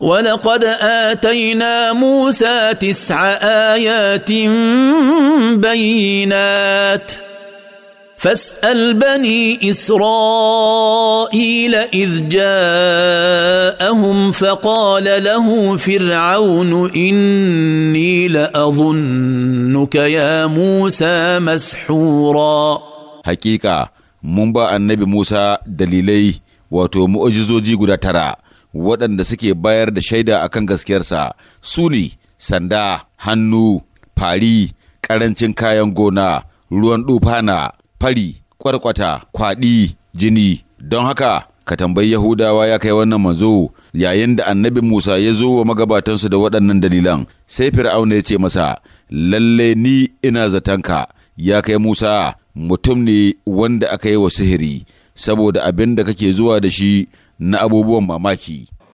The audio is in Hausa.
ولقد اتينا موسى تسع ايات بينات فاسال بني اسرائيل اذ جاءهم فقال له فرعون اني لاظنك يا موسى مسحورا حقيقه من النبي موسى دليلي وتو معجزوجي غدا waɗanda suke bayar da shaida a kan gaskiyarsa su ne sanda hannu fari ƙarancin kayan gona ruwan ɗufana fari ƙwarƙwata kwaɗi jini don haka ka tambayi yahudawa ya kai wannan manzo yayin da annabi musa ya zo wa magabatansu da waɗannan dalilan sai fir'auna ya ce masa lalle ni ina zatanka ya kai musa mutum ne wanda aka yi wa sihiri saboda abin da kake zuwa da shi na abubuwan mamaki